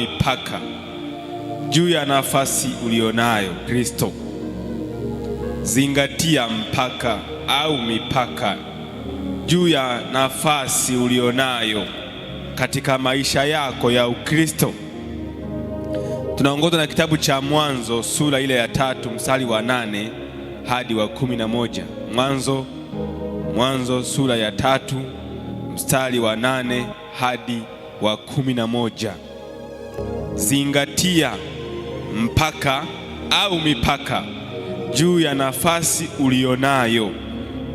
mipaka juu ya nafasi ulionayo Kristo. Zingatia mpaka au mipaka juu ya nafasi ulionayo katika maisha yako ya Ukristo. Tunaongozwa na kitabu cha Mwanzo sura ile ya tatu mstari wa nane hadi wa kumi na moja. Mwanzo, Mwanzo sura ya tatu mstari wa nane hadi wa kumi na moja zingatia mpaka au mipaka juu ya nafasi ulionayo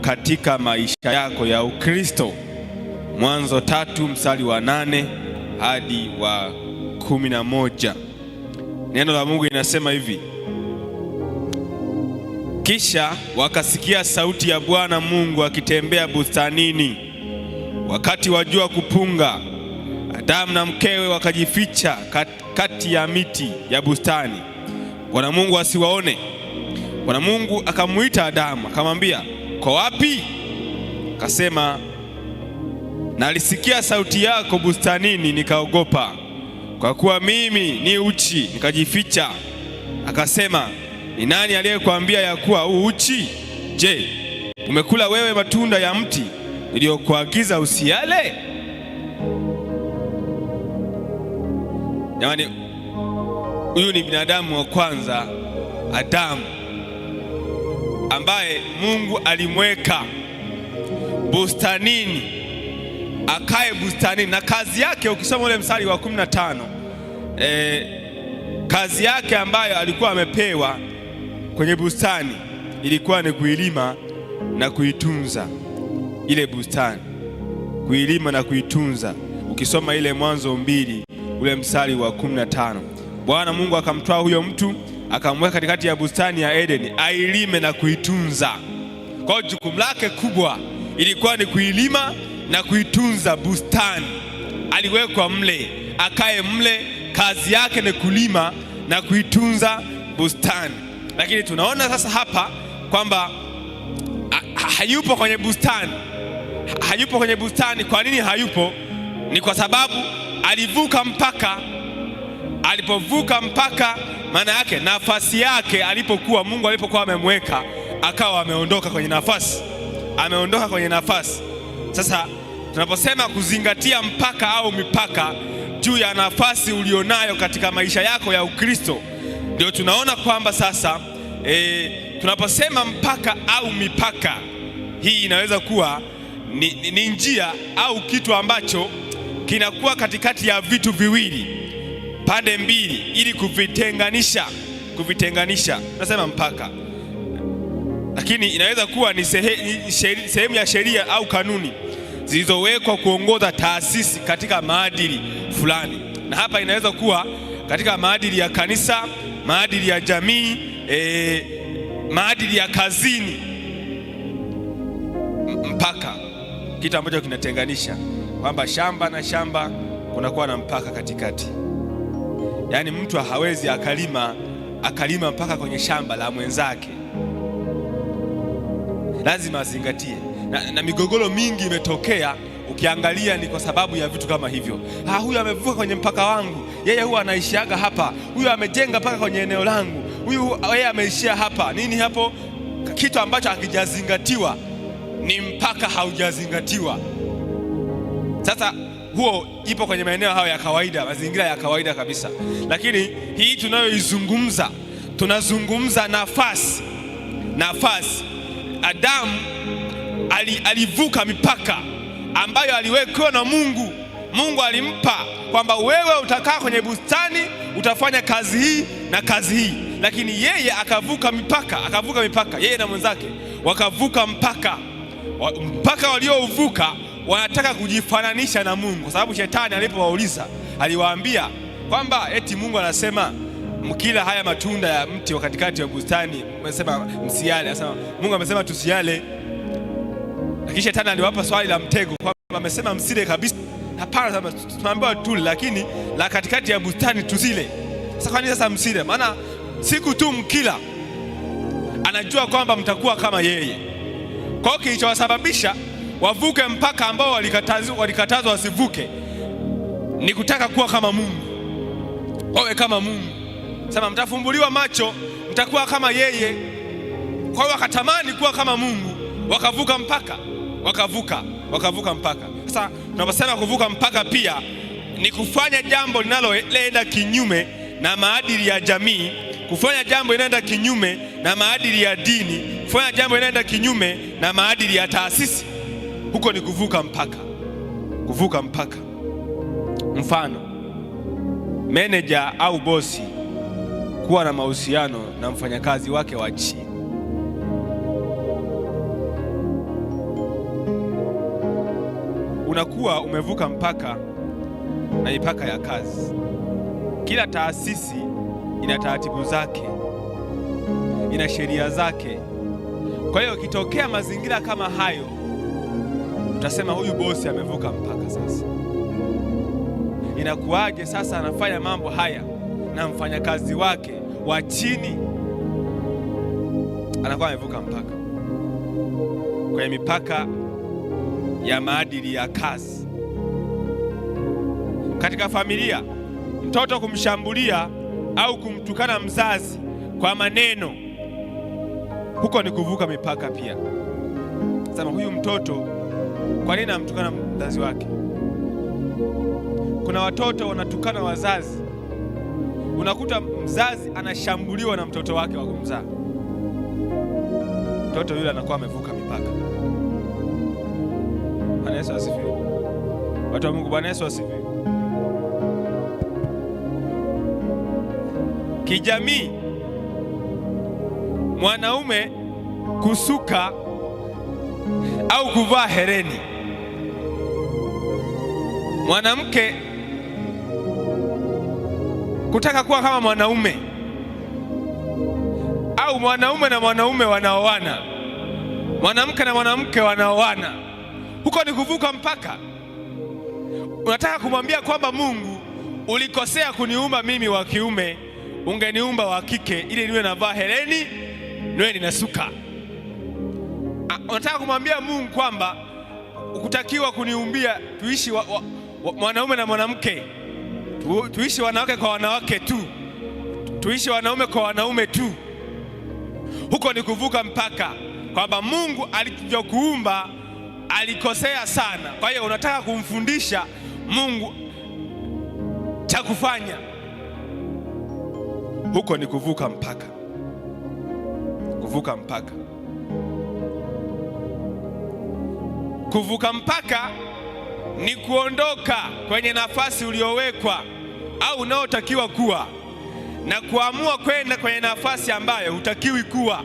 katika maisha yako ya Ukristo. Mwanzo tatu mstari wa nane hadi wa kumi na moja. Neno la Mungu inasema hivi: kisha wakasikia sauti ya Bwana Mungu akitembea bustanini wakati wa jua kupunga Adamu na mkewe wakajificha kati ya miti ya bustani, Bwana Mungu asiwaone. Bwana Mungu akamwita Adamu akamwambia, ko wapi? Akasema, nalisikia sauti yako bustanini, nikaogopa, kwa kuwa mimi ni uchi, nikajificha. Akasema, ni nani aliyekuambia ya kuwa u uchi? Je, umekula wewe matunda ya mti niliyokuagiza usiale? Jamani, huyu ni binadamu wa kwanza Adamu, ambaye Mungu alimweka bustanini akae bustanini, na kazi yake ukisoma ule mstari wa 15 eh, kazi yake ambayo alikuwa amepewa kwenye bustani ilikuwa ni kuilima na kuitunza ile bustani, kuilima na kuitunza. Ukisoma ile Mwanzo mbili ule msali wa 15 Bwana Mungu akamtoa huyo mtu akamweka katikati ya bustani ya Edeni ailime na kuitunza. Kwa hiyo jukumu lake kubwa ilikuwa ni kuilima na kuitunza bustani. Aliwekwa mle akae mle, kazi yake ni kulima na kuitunza bustani. Lakini tunaona sasa hapa kwamba hayupo kwenye bustani, hayupo kwenye bustani. Kwa nini hayupo? Ni kwa sababu alivuka mpaka. Alipovuka mpaka, maana yake nafasi yake alipokuwa Mungu alipokuwa amemweka akawa ameondoka kwenye nafasi, ameondoka kwenye nafasi. Sasa tunaposema kuzingatia mpaka au mipaka juu ya nafasi ulionayo katika maisha yako ya Ukristo, ndio tunaona kwamba sasa e, tunaposema mpaka au mipaka hii inaweza kuwa ni, ni njia au kitu ambacho kinakuwa katikati ya vitu viwili, pande mbili, ili kuvitenganisha. Kuvitenganisha Nasema mpaka, lakini inaweza kuwa ni sehemu ya sheria au kanuni zilizowekwa kuongoza taasisi katika maadili fulani, na hapa inaweza kuwa katika maadili ya kanisa, maadili ya jamii, e, maadili ya kazini. Mpaka kitu ambacho kinatenganisha kwamba shamba na shamba kunakuwa na mpaka katikati, yaani mtu hawezi akalima akalima mpaka kwenye shamba la mwenzake, lazima azingatie na, na migogoro mingi imetokea ukiangalia ni kwa sababu ya vitu kama hivyo. Ah, huyu amevuka kwenye mpaka wangu, yeye huwa anaishiaga hapa. Huyu amejenga mpaka kwenye eneo langu, huyu yeye ameishia hapa. Nini hapo? Kitu ambacho hakijazingatiwa ni mpaka haujazingatiwa. Sasa huo ipo kwenye maeneo hayo ya kawaida, mazingira ya kawaida kabisa, lakini hii tunayoizungumza, tunazungumza nafasi. Nafasi Adamu ali, alivuka mipaka ambayo aliwekewa na Mungu. Mungu alimpa kwamba wewe utakaa kwenye bustani, utafanya kazi hii na kazi hii, lakini yeye akavuka mipaka, akavuka mipaka yeye na mwenzake wakavuka mpaka, mpaka waliouvuka wanataka kujifananisha na Mungu, kwa sababu shetani alipowauliza aliwaambia kwamba eti Mungu anasema mkila haya matunda ya mti wa katikati wa bustani amesema msiale. Anasema Mungu amesema tusiale, lakini shetani aliwapa swali la mtego kwamba amesema msile kabisa. Hapana, tunaambiwa tule, lakini la katikati ya bustani tusile. Sasa kwani sasa msile? Maana siku tu mkila anajua kwamba mtakuwa kama yeye. Kwa hiyo kilichowasababisha wavuke mpaka ambao walikatazwa, walikatazwa wasivuke, ni kutaka kuwa kama Mungu, wawe kama Mungu. Sema mtafumbuliwa macho, mtakuwa kama yeye. Kwa hiyo wakatamani kuwa kama Mungu, wakavuka mpaka, wakavuka, wakavuka mpaka. Sasa tunaposema kuvuka mpaka, pia ni kufanya jambo linaloenda kinyume na maadili ya jamii, kufanya jambo linaenda kinyume na maadili ya dini, kufanya jambo linaloenda kinyume na maadili ya taasisi huko ni kuvuka mpaka, kuvuka mpaka. Mfano, meneja au bosi kuwa na mahusiano na mfanyakazi wake wa chini. Unakuwa umevuka mpaka na mipaka ya kazi. Kila taasisi ina taratibu zake, ina sheria zake. Kwa hiyo, kitokea mazingira kama hayo utasema huyu bosi amevuka mpaka. Sasa inakuwaje? Sasa anafanya mambo haya na mfanyakazi wake wa chini anakuwa amevuka mpaka kwenye mipaka ya maadili ya kazi. Katika familia, mtoto kumshambulia au kumtukana mzazi kwa maneno, huko ni kuvuka mipaka pia. Sema huyu mtoto kwa nini anamtukana mzazi wake? Kuna watoto wanatukana wazazi, unakuta mzazi anashambuliwa na mtoto wake wa kumzaa. Mtoto yule anakuwa amevuka mipaka. Bwana Yesu asifiwe, watu wa Mungu. Bwana Yesu asifiwe. Kijamii, mwanaume kusuka au kuvaa hereni. Mwanamke kutaka kuwa kama mwanaume au mwanaume na mwanaume wanaoana, mwanamke na mwanamke wanaoana, huko ni kuvuka mpaka. Unataka kumwambia kwamba Mungu, ulikosea kuniumba mimi wa kiume, ungeniumba wa kike ili niwe navaa hereni niwe ninasuka. Ah, Nataka kumwambia Mungu kwamba ukutakiwa kuniumbia tuishi wa, wa, wa, mwanaume na mwanamke tu, tuishi wanawake kwa wanawake tu, tuishi wanaume kwa wanaume tu. Huko ni kuvuka mpaka kwamba Mungu alivyokuumba alikosea sana. Kwa hiyo unataka kumfundisha Mungu cha kufanya, huko ni kuvuka mpaka, kuvuka mpaka. Kuvuka mpaka ni kuondoka kwenye nafasi uliowekwa au unaotakiwa kuwa na kuamua kwenda kwenye nafasi ambayo hutakiwi kuwa.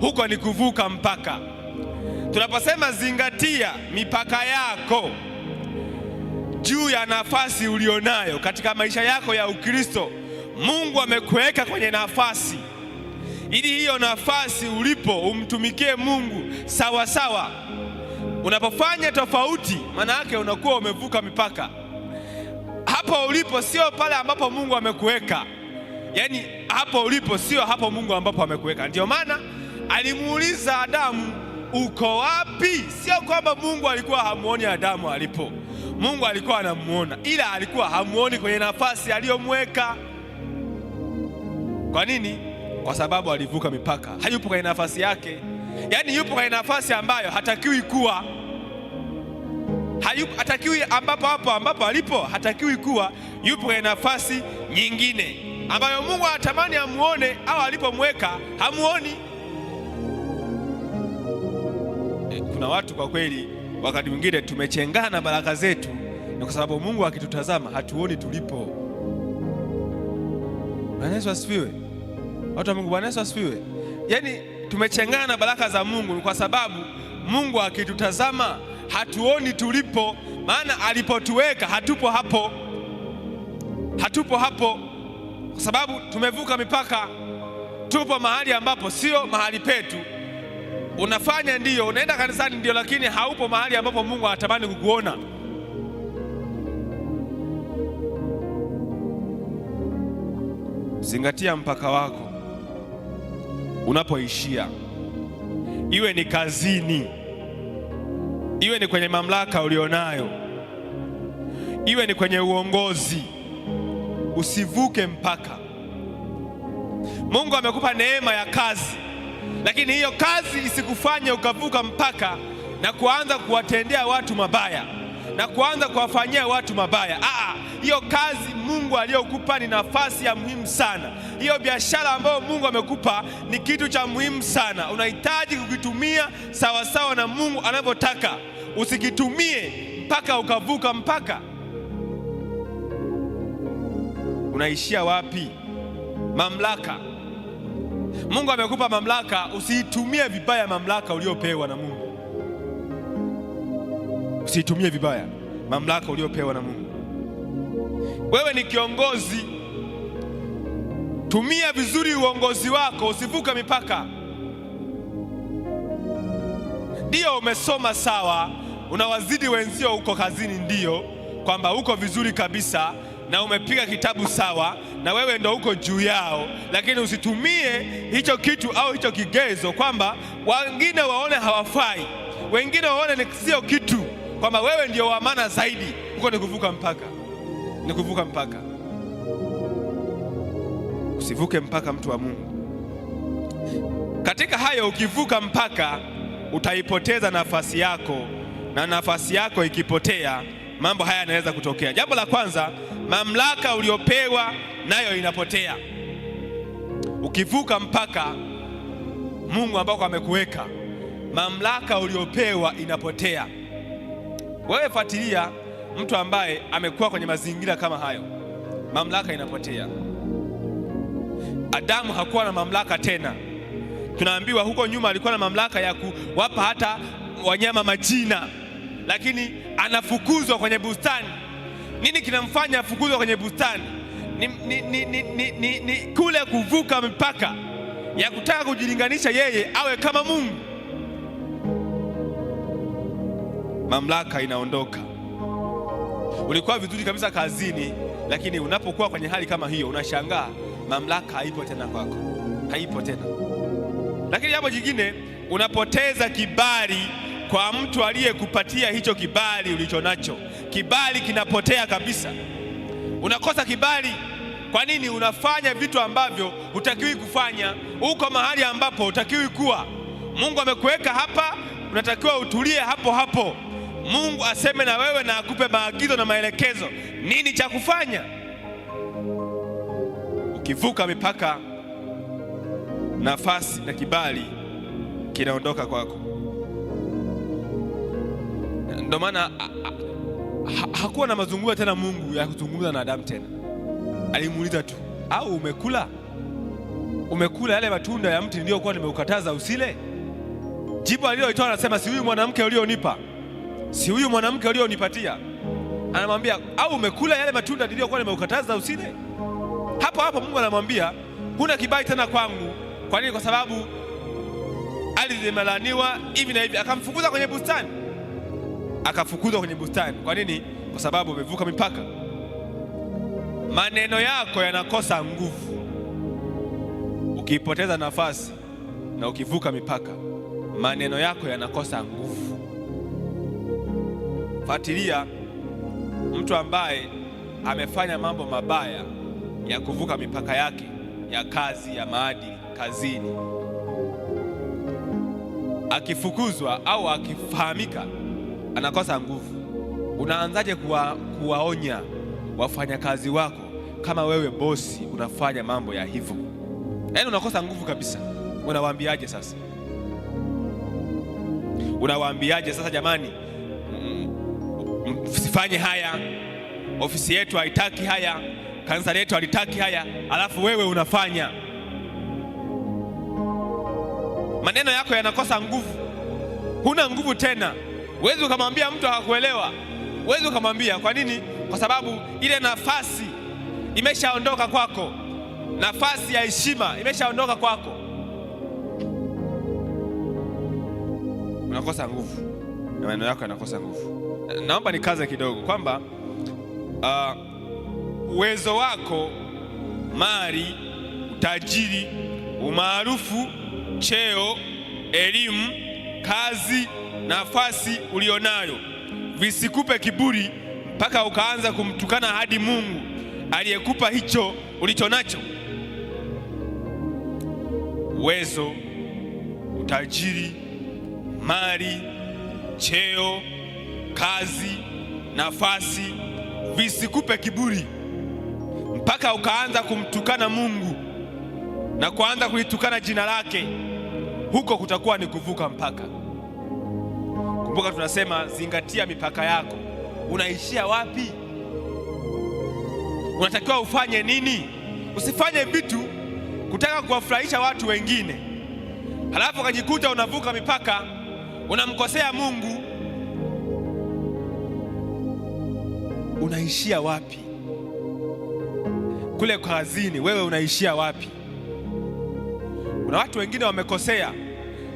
Huko ni kuvuka mpaka. Tunaposema zingatia mipaka yako juu ya nafasi ulionayo katika maisha yako ya Ukristo, Mungu amekuweka kwenye nafasi ili hiyo nafasi ulipo umtumikie Mungu sawa sawa. Unapofanya tofauti, maana yake unakuwa umevuka mipaka. Hapo ulipo sio pale ambapo Mungu amekuweka, yaani hapo ulipo sio hapo Mungu ambapo amekuweka. ndio maana alimuuliza Adamu, uko wapi? Sio kwamba Mungu alikuwa hamuoni Adamu alipo. Mungu alikuwa anamuona, ila alikuwa hamuoni kwenye nafasi aliyomweka. Kwa nini? Kwa sababu alivuka mipaka, hayupo kwenye nafasi yake yaani yupo kwenye nafasi ambayo hatakiwi kuwa, hayupo, hatakiwi ambapo hapo ambapo alipo hatakiwi kuwa, yupo kwenye nafasi nyingine ambayo Mungu anatamani amuone au alipomweka hamuoni. Eh, kuna watu kwa kweli, wakati mwingine tumechengana baraka zetu, na kwa sababu Mungu akitutazama hatuoni tulipo. Bwana Yesu asifiwe, watu wa Mungu. Bwana Yesu asifiwe, yaani tumechengana na baraka za Mungu ni kwa sababu Mungu akitutazama hatuoni tulipo, maana alipotuweka hatupo hapo, hatupo hapo kwa sababu tumevuka mipaka, tupo mahali ambapo sio mahali petu. Unafanya ndiyo, unaenda kanisani ndiyo, lakini haupo mahali ambapo Mungu anatamani kukuona. Zingatia mpaka wako unapoishia, iwe ni kazini, iwe ni kwenye mamlaka ulionayo, iwe ni kwenye uongozi, usivuke mpaka. Mungu amekupa neema ya kazi, lakini hiyo kazi isikufanye ukavuka mpaka na kuanza kuwatendea watu mabaya na kuanza kuwafanyia watu mabaya. Ah, ah, hiyo kazi Mungu aliyokupa ni nafasi ya muhimu sana. Hiyo biashara ambayo Mungu amekupa ni kitu cha muhimu sana, unahitaji kukitumia sawasawa na Mungu anavyotaka. Usikitumie mpaka ukavuka mpaka. Unaishia wapi? Mamlaka Mungu amekupa mamlaka, usiitumie vibaya mamlaka uliyopewa na Mungu. Usiitumie vibaya mamlaka uliopewa na Mungu. Wewe ni kiongozi, tumia vizuri uongozi wako, usivuka mipaka. Ndiyo, umesoma sawa, unawazidi wenzio huko kazini, ndiyo kwamba uko vizuri kabisa na umepiga kitabu sawa, na wewe ndo uko juu yao, lakini usitumie hicho kitu au hicho kigezo kwamba wengine waone hawafai, wengine waone ni sio kitu kwamba wewe ndio wa maana zaidi. Huko ni kuvuka mpaka, ni kuvuka mpaka. Usivuke mpaka, mtu wa Mungu. Katika hayo, ukivuka mpaka utaipoteza nafasi yako, na nafasi yako ikipotea, mambo haya yanaweza kutokea. Jambo la kwanza, mamlaka uliopewa nayo inapotea. Ukivuka mpaka Mungu ambako amekuweka, mamlaka uliopewa inapotea. Wewe fuatilia mtu ambaye amekuwa kwenye mazingira kama hayo, mamlaka inapotea. Adamu hakuwa na mamlaka tena. Tunaambiwa huko nyuma alikuwa na mamlaka ya kuwapa hata wanyama majina, lakini anafukuzwa kwenye bustani. Nini kinamfanya afukuzwa kwenye bustani? Ni, ni, ni, ni, ni, ni, ni kule kuvuka mipaka ya kutaka kujilinganisha yeye awe kama Mungu. mamlaka inaondoka. Ulikuwa vizuri kabisa kazini, lakini unapokuwa kwenye hali kama hiyo unashangaa mamlaka haipo tena kwako, haipo tena. Lakini jambo jingine, unapoteza kibali kwa mtu aliyekupatia hicho kibali ulicho nacho Kibali kinapotea kabisa, unakosa kibali. Kwa nini? Unafanya vitu ambavyo hutakiwi kufanya, uko mahali ambapo hutakiwi kuwa. Mungu amekuweka hapa, unatakiwa utulie hapo hapo. Mungu aseme na wewe na akupe maagizo na maelekezo, nini cha kufanya ukivuka mipaka. Nafasi na kibali kinaondoka kwako. Ndio maana hakuwa na mazungumzo tena Mungu ya kuzungumza na Adamu tena, alimuuliza tu, au umekula umekula yale matunda ya mti niliyokuwa nimeukataza usile? Jibu aliyoitoa anasema, si huyu mwanamke ulionipa si huyu mwanamke alionipatia? anamwambia, au umekula yale matunda niliyokuwa nimeukataza usile? Hapo hapo Mungu anamwambia huna kibali tena kwangu. Kwa nini? Kwa sababu ardhi imelaaniwa hivi na hivi. Akamfukuza kwenye bustani, akafukuzwa kwenye bustani. Kwa nini? Kwa sababu umevuka mipaka. Maneno yako yanakosa nguvu ukipoteza nafasi na ukivuka mipaka, maneno yako yanakosa nguvu. Fuatilia mtu ambaye amefanya mambo mabaya ya kuvuka mipaka yake ya kazi ya maadili kazini, akifukuzwa au akifahamika anakosa nguvu. Unaanzaje kuwa, kuwaonya wafanyakazi wako kama wewe bosi unafanya mambo ya hivyo? Yaani unakosa nguvu kabisa. Unawaambiaje sasa? Unawaambiaje sasa jamani? msifanye haya, ofisi yetu haitaki haya, kanisa letu halitaki haya, alafu wewe unafanya. Maneno yako yanakosa nguvu, huna nguvu tena. Huwezi ukamwambia mtu akakuelewa, huwezi ukamwambia. Kwa nini? Kwa sababu ile nafasi imeshaondoka kwako, nafasi ya heshima imeshaondoka kwako, unakosa nguvu na maneno yako yanakosa nguvu naomba nikaze kidogo kwamba ah, uwezo uh, wako, mali, utajiri, umaarufu, cheo, elimu, kazi, nafasi ulionayo visikupe kiburi mpaka ukaanza kumtukana hadi Mungu aliyekupa hicho ulicho nacho: uwezo, utajiri, mali, cheo kazi, nafasi visikupe kiburi mpaka ukaanza kumtukana Mungu na kuanza kulitukana jina lake. Huko kutakuwa ni kuvuka mpaka. Kumbuka tunasema zingatia mipaka yako. Unaishia wapi? Unatakiwa ufanye nini? Usifanye vitu kutaka kuwafurahisha watu wengine, halafu ukajikuta unavuka mipaka, unamkosea Mungu unaishia wapi? Kule kazini, wewe unaishia wapi? Kuna watu wengine wamekosea.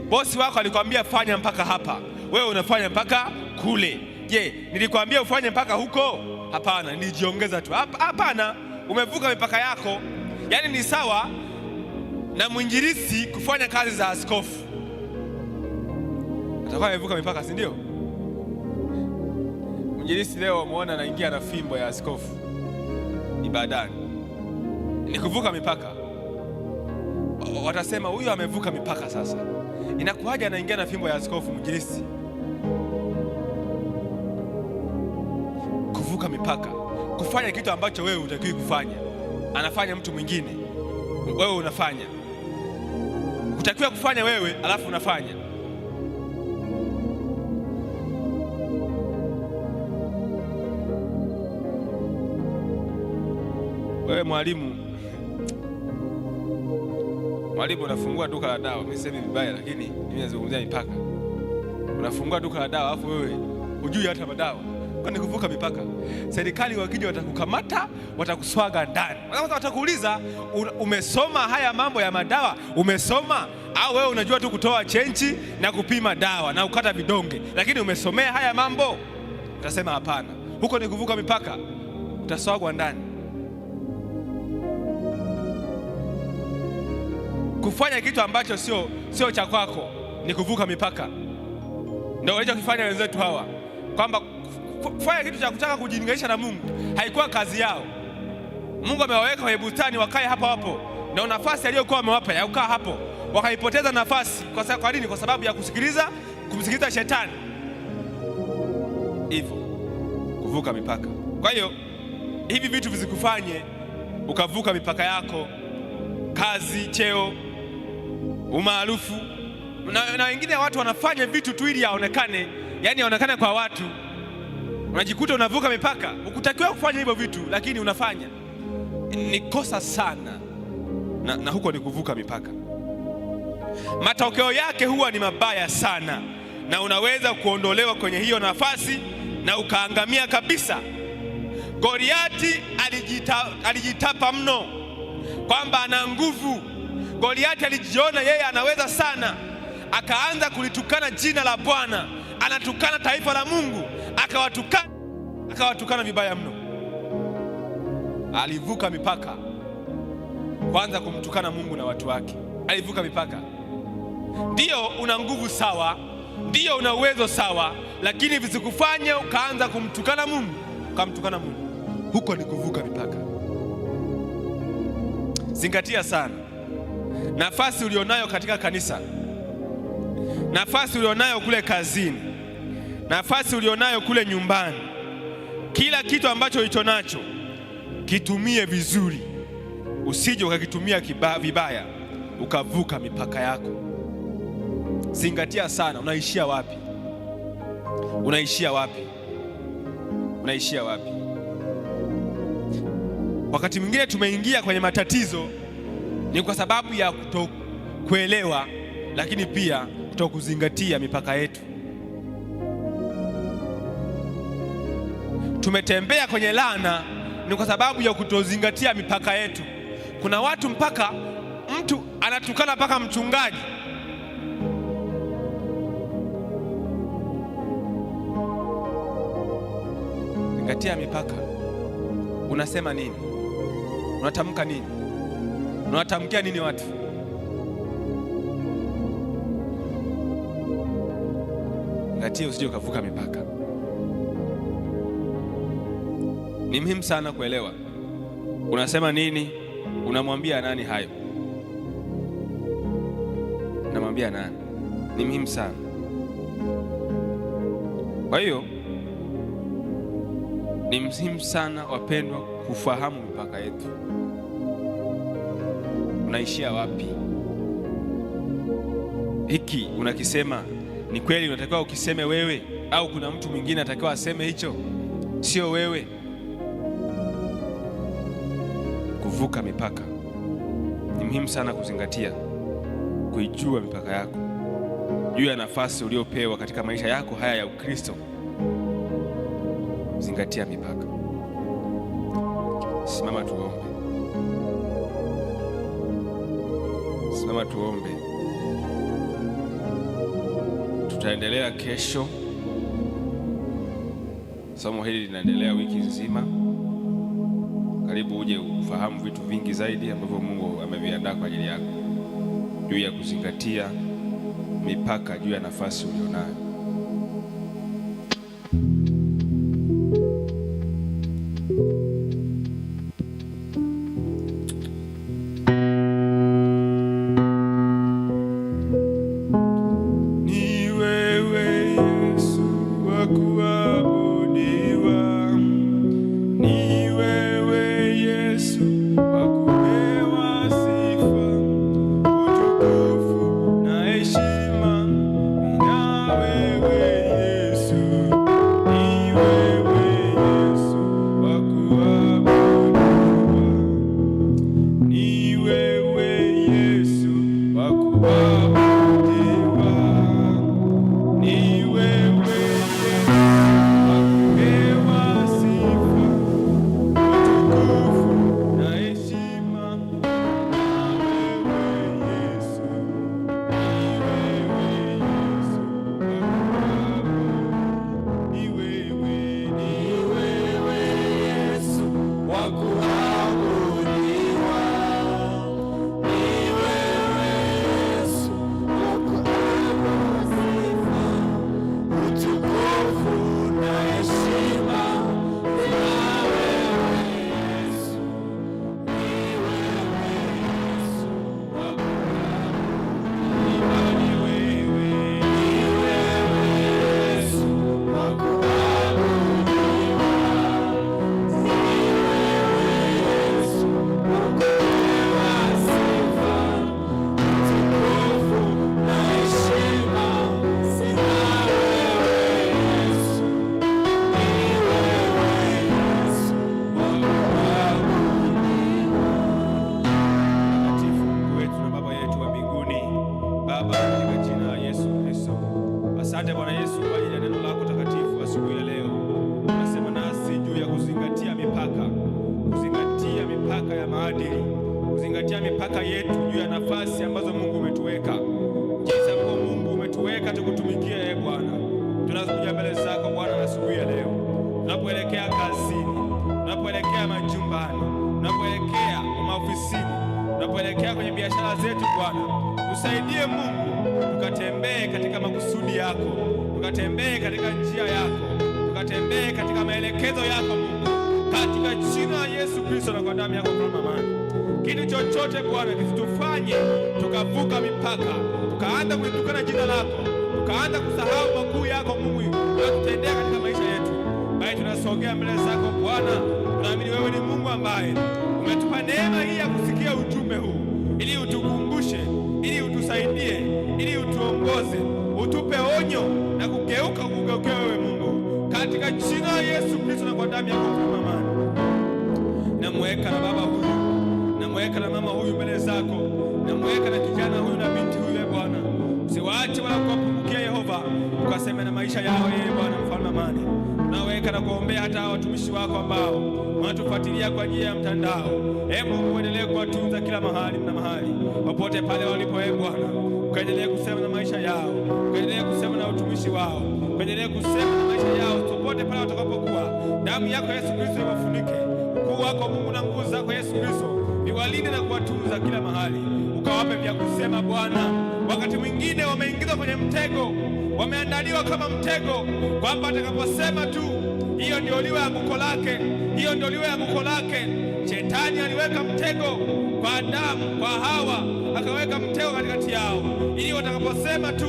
Bosi wako alikwambia fanya mpaka hapa, wewe unafanya mpaka kule. Je, nilikwambia ufanye mpaka huko? Hapana, nilijiongeza tu. Hapana, umevuka mipaka yako. Yaani ni sawa na mwinjilisi kufanya kazi za askofu, atakuwa amevuka mipaka, si ndio? Mwinjilisti leo wameona anaingia na fimbo ya askofu ibadani, ni kuvuka mipaka. Watasema huyu amevuka mipaka. Sasa inakuwaje anaingia na fimbo ya askofu mwinjilisti? Kuvuka mipaka, kufanya kitu ambacho wewe hutakiwi kufanya, anafanya mtu mwingine, wewe unafanya. Hutakiwa kufanya wewe, alafu unafanya Wewe mwalimu, mwalimu, unafungua duka la dawa. Mimi sisemi vibaya, lakini mimi nazungumzia mipaka. Unafungua duka la dawa, alafu wewe hujui hata madawa, kwani kuvuka mipaka. Serikali wakija watakukamata, watakuswaga ndani, watakuuliza umesoma haya mambo ya madawa, umesoma au wewe unajua tu kutoa chenchi na kupima dawa na kukata vidonge, lakini umesomea haya mambo? Utasema hapana. Huko ni kuvuka mipaka, utaswagwa ndani. Kufanya kitu ambacho sio sio cha kwako ni kuvuka mipaka, ndio walichokifanya wenzetu hawa, kwamba kufanya kitu cha kutaka kujilinganisha na Mungu haikuwa kazi yao. Mungu amewaweka kwenye bustani wakae hapo hapo, ndio nafasi aliyokuwa amewapa ya kukaa hapo, wakaipoteza nafasi. Kwa sababu kwa nini? Kwa sababu ya kusikiliza kumsikiliza shetani, hivyo kuvuka mipaka. Kwa hiyo hivi vitu vizikufanye ukavuka mipaka yako, kazi, cheo umaarufu na wengine watu wanafanya vitu tu ili yaonekane, yani yaonekane kwa watu. Unajikuta unavuka mipaka, ukutakiwa kufanya hivyo vitu, lakini unafanya. Ni kosa sana, na, na huko ni kuvuka mipaka. Matokeo yake huwa ni mabaya sana, na unaweza kuondolewa kwenye hiyo nafasi na ukaangamia kabisa. Goliati alijita, alijitapa mno kwamba ana nguvu Goliati alijiona yeye anaweza sana, akaanza kulitukana jina la Bwana, anatukana taifa la Mungu, akawatukana akawatukana vibaya mno. Alivuka mipaka kwanza kumtukana Mungu na watu wake, alivuka mipaka. Ndiyo una nguvu sawa, ndiyo una uwezo sawa, lakini visikufanye ukaanza kumtukana Mungu, ukamtukana Mungu, huko ni kuvuka mipaka. Zingatia sana nafasi ulionayo katika kanisa, nafasi ulionayo kule kazini, nafasi ulionayo kule nyumbani, kila kitu ambacho ulicho nacho kitumie vizuri, usije ukakitumia vibaya ukavuka mipaka yako. Zingatia sana, unaishia wapi? Unaishia wapi? Unaishia wapi? Wakati mwingine tumeingia kwenye matatizo ni kwa sababu ya kutokuelewa, lakini pia kutokuzingatia mipaka yetu. Tumetembea kwenye laana ni kwa sababu ya kutozingatia mipaka yetu. Kuna watu mpaka mtu anatukana mpaka mchungaji. Zingatia mipaka. Unasema nini? Unatamka nini? unawatamkia nini watu? Ngatie usije ukavuka mipaka. Ni muhimu sana kuelewa unasema nini, unamwambia nani hayo, unamwambia nani. Ni muhimu sana. Kwa hiyo ni muhimu sana wapendwa, kufahamu mipaka yetu unaishia wapi? Hiki unakisema ni kweli, unatakiwa ukiseme wewe au kuna mtu mwingine atakiwa aseme hicho? Sio wewe. Kuvuka mipaka ni muhimu sana, kuzingatia kuijua mipaka yako juu ya nafasi uliopewa katika maisha yako haya ya Ukristo. Zingatia mipaka. Simama tuombe. Simama tuombe. Tutaendelea kesho, somo hili linaendelea wiki nzima. Karibu uje ufahamu vitu vingi zaidi ambavyo Mungu ameviandaa kwa ajili yako juu ya kuzingatia mipaka, juu ya nafasi ulionayo. katika jina la Yesu Kristo na kwa damu yako mama. Kitu chochote Bwana kisitufanye tukavuka mipaka, tukaanza kulitukana jina lako, tukaanza kusahau makuu yako Mungu unatutendea katika maisha yetu, bali tunasogea mbele zako Bwana. Tunaamini wewe ni Mungu ambaye umetupa neema hii ya kusikia ujumbe huu, ili utukumbushe, ili utusaidie, ili utuongoze, utupe onyo na kugeuka, kugeukea wewe Mungu, katika jina la Yesu Kristo na kwa damu yako huyu mbele zako, namweka na kijana huyu na binti huyu, ee Bwana, usiwaache wala kuwapungukia Yehova, ukaseme na maisha yao, e Bwana mfalme amani. Naweka na kuombea hata watumishi wako ambao wanatufuatilia kwa njia ya mtandao, e Mungu uendelee kuwatunza kila mahali na mahali popote pale walipo, ee Bwana, ukaendelee kusema na maisha yao, ukaendelee kusema na utumishi wao, ukaendelee kusema na maisha yao popote pale watakapokuwa. Damu yako Yesu Kristo iwafunike, ukuu wako Mungu na nguvu zako Yesu Kristo niwalinde na kuwatunza kila mahali, ukawape vya kusema Bwana. Wakati mwingine wameingizwa kwenye mtego, wameandaliwa kama mtego, kwamba atakaposema tu hiyo ndio liwe anguko lake, hiyo ndio liwe anguko lake. Shetani aliweka mtego kwa Adamu, kwa Hawa, akaweka mtego katikati yao, ili watakaposema tu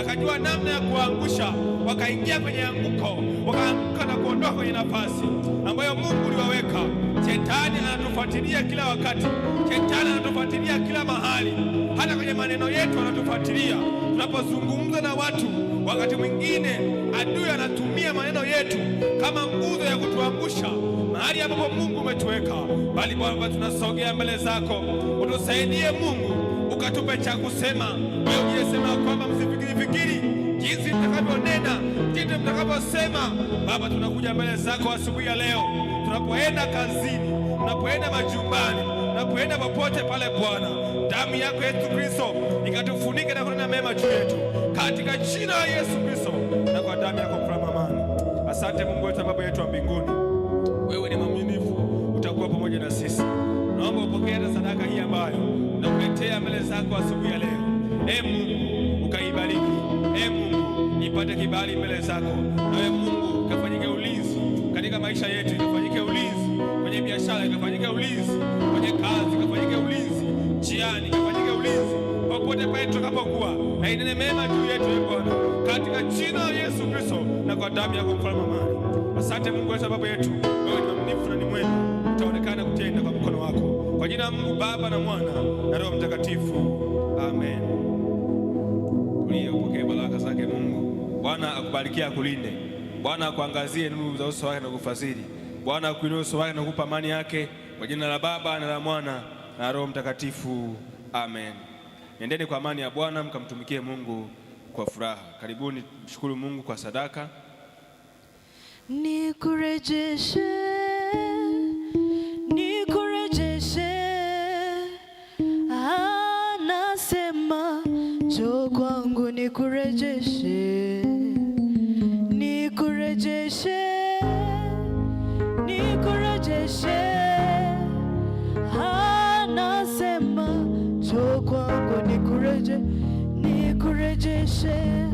akajua namna ya kuangusha, wakaingia kwenye anguko, wakaanguka na kuondoka kwenye nafasi ambayo Mungu uliwaweka. Shetani anatufuatilia kila wakati, shetani anatufuatilia kila mahali, hata kwenye maneno yetu anatufuatilia. Tunapozungumza na watu, wakati mwingine adui anatumia maneno yetu kama nguzo ya kutuangusha mahali ambapo Mungu umetuweka. Bali Baba, tunasogea mbele zako, utusaidie Mungu, ukatupe cha kusema. Wewe uliyesema kwamba msifikiri fikiri jinsi mtakavyonena, jinsi mtakavyosema. Baba, tunakuja mbele zako asubuhi ya leo tunapoenda kazini, tunapoenda majumbani, tunapoenda popote pale, Bwana, damu yako Yesu Kristo ikatufunike na kunena mema juu yetu, katika jina la Yesu Kristo na kwa damu yako kwa amani. Asante Mungu wetu, Baba yetu wa mbinguni, wewe ni mwaminifu, utakuwa pamoja na sisi. Naomba upokee sadaka hii ambayo nakuletea mbele zako asubuhi ya leo. E Mungu ukaibariki, e Mungu ipate kibali mbele zako, nawe Mungu kafanyike ulinzi katika maisha yetu biashara, ikafanyike ulinzi kwenye kazi, ikafanyike ulinzi njiani, ikafanyike ulinzi popote pale tutakapokuwa, na inene mema juu yetu, e Bwana, katika jina la Yesu Kristo na kwa damu yako mfalme mali. Asante Mungu wetu, baba yetu, wewe ni mwaminifu na ni mwema, utaonekana kutenda kwa mkono wako. Kwa jina la Mungu Baba na Mwana na Roho Mtakatifu, amen. Tulie upokee baraka zake Mungu. Bwana akubarikia, akulinde. Bwana akuangazie nuru za uso wake na kufadhili Bwana akuinue uso wake na kukupa amani yake. Kwa jina la Baba na la Mwana na Roho Mtakatifu, amen. Nendeni kwa amani ya Bwana mkamtumikie Mungu kwa furaha. Karibuni mshukuru Mungu kwa sadaka. Nikurejeshe, nikurejeshe, anasema njoo kwangu nikurejeshe wishes.